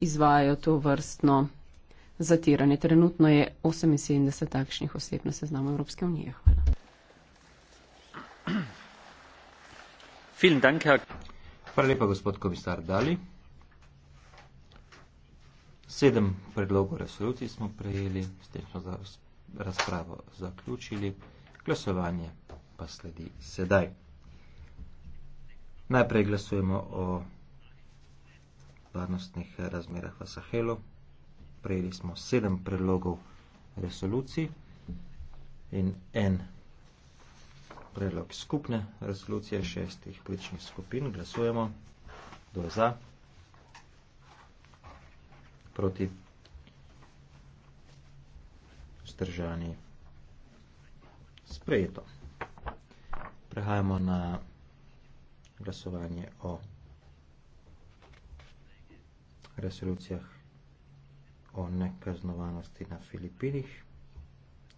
izvajajo to vrstno zatiranje. Trenutno je 78 takšnih oseb na seznamu Evropske unije. Hvala. Hvala lepa, gospod komisar Dali. Sedem predlogov resolucij smo prejeli, s tem smo za razpravo zaključili. Glasovanje pa sledi sedaj. Najprej glasujemo o varnostnih razmerah v Sahelu. Prejeli smo sedem predlogov resolucij in en predlog skupne resolucije šestih pričnih skupin. Glasujemo. Kdo je za? Proti? Zdržani? Sprejeto. Prehajamo na glasovanje o resolucijah o nekaznovanosti na Filipinih.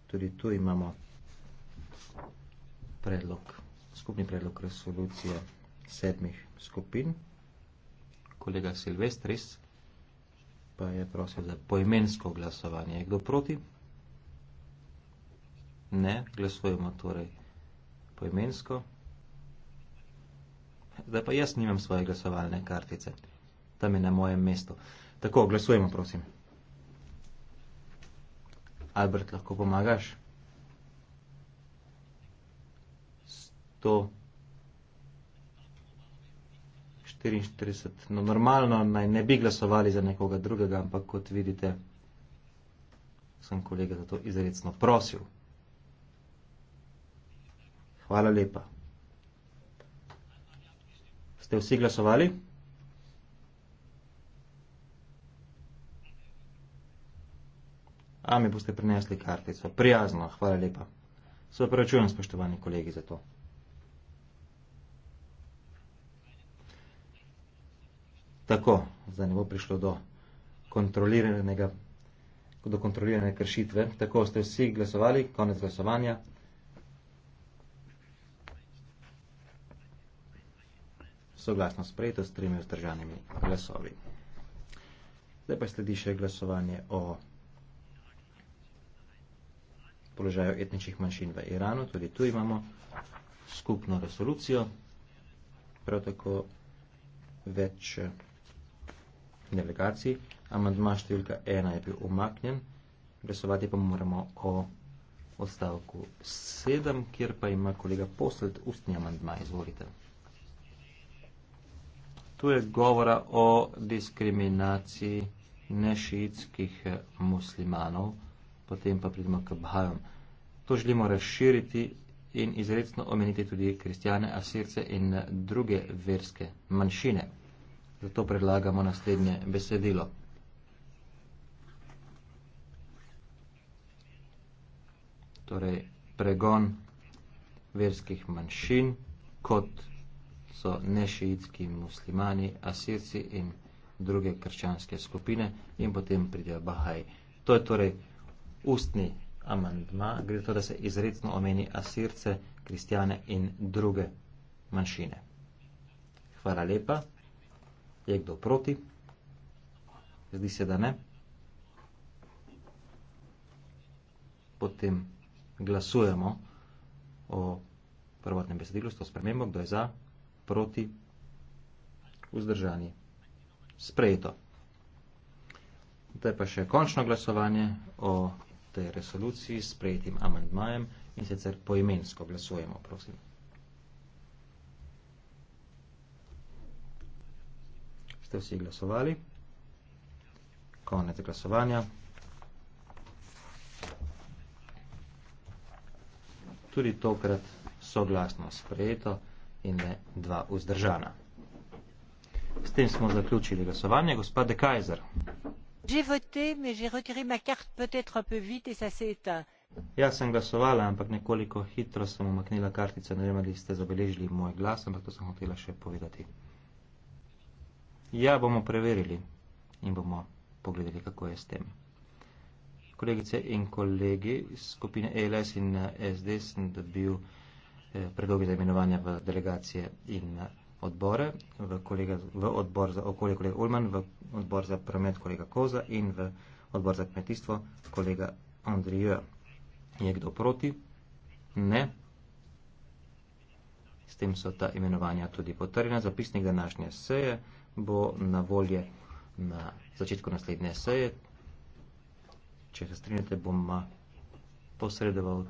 Tudi tu imamo predlog, skupni predlog resolucije sedmih skupin. Kolega Silvestris pa je prosil za poimensko glasovanje. Je kdo proti? Ne, glasujemo torej poimensko. Zdaj pa jaz nimam svoje glasovalne kartice tam je na mojem mestu. Tako, glasujemo, prosim. Albert, lahko pomagaš? 100. 44. No, normalno naj ne bi glasovali za nekoga drugega, ampak kot vidite, sem kolega za to izredno prosil. Hvala lepa. Ste vsi glasovali? A mi boste prinesli kartico? Prijazno, hvala lepa. Se opravičujem, spoštovani kolegi, za to. Tako, zdaj ne bo prišlo do kontroliranega, do kontrolirane kršitve. Tako ste vsi glasovali, konec glasovanja. Soglasno sprejeto s tremi vzdržanimi glasovi. Zdaj pa sledi še glasovanje o položaju etničnih manjšin v Iranu, tudi tu imamo skupno resolucijo, prav tako več eh, delegacij. Amandma številka ena je bil umaknjen, glasovati pa moramo o odstavku sedem, kjer pa ima kolega posled ustni amandma, izvolite. Tu je govora o diskriminaciji nešitskih eh, muslimanov, potem pa pridemo k Bhajom. To želimo razširiti in izredno omeniti tudi kristijane, asirce in eh, druge verske manjšine. Zato predlagamo naslednje besedilo. Torej, pregon verskih manjšin, kot so nešijitski muslimani, asirci in druge krščanske skupine in potem pridejo Bahaji. To je torej ustni amandma, gre to, da se izredno omeni asirce, kristjane in druge manjšine. Hvala lepa. Je kdo proti? Zdi se, da ne. Potem glasujemo o prvotnem besedilu s to spremembo, kdo je za, proti, vzdržani, sprejeto. To je pa še končno glasovanje o tej resoluciji s prejetim amandmajem in sicer poimensko glasujemo, prosim. Ste vsi glasovali? Konec glasovanja. Tudi tokrat soglasno sprejeto in le dva vzdržana. S tem smo zaključili glasovanje. Gospa Dekajzer j'ai voté mais j'ai retiré ma carte peut-être un peu vite et ça s'est éteint. Ja, sem glasovala, ampak nekoliko hitro sem omaknila kartice. Ne vem, ali ste zabeležili moj glas, ampak to sem hotela še povedati. Ja, bomo preverili in bomo pogledali, kako je s tem. Kolegice in kolegi iz skupine ELS in eh, SD sem dobil eh, predlogi za imenovanje v delegacije in eh, odbore, v, kolega, v odbor za okolje kolega Ulman, v odbor za promet kolega Koza in v odbor za kmetijstvo kolega Andrija. Je kdo proti? Ne. S tem so ta imenovanja tudi potrjena. Zapisnik današnje seje bo na volje na začetku naslednje seje. Če se strinjate, bom posredoval.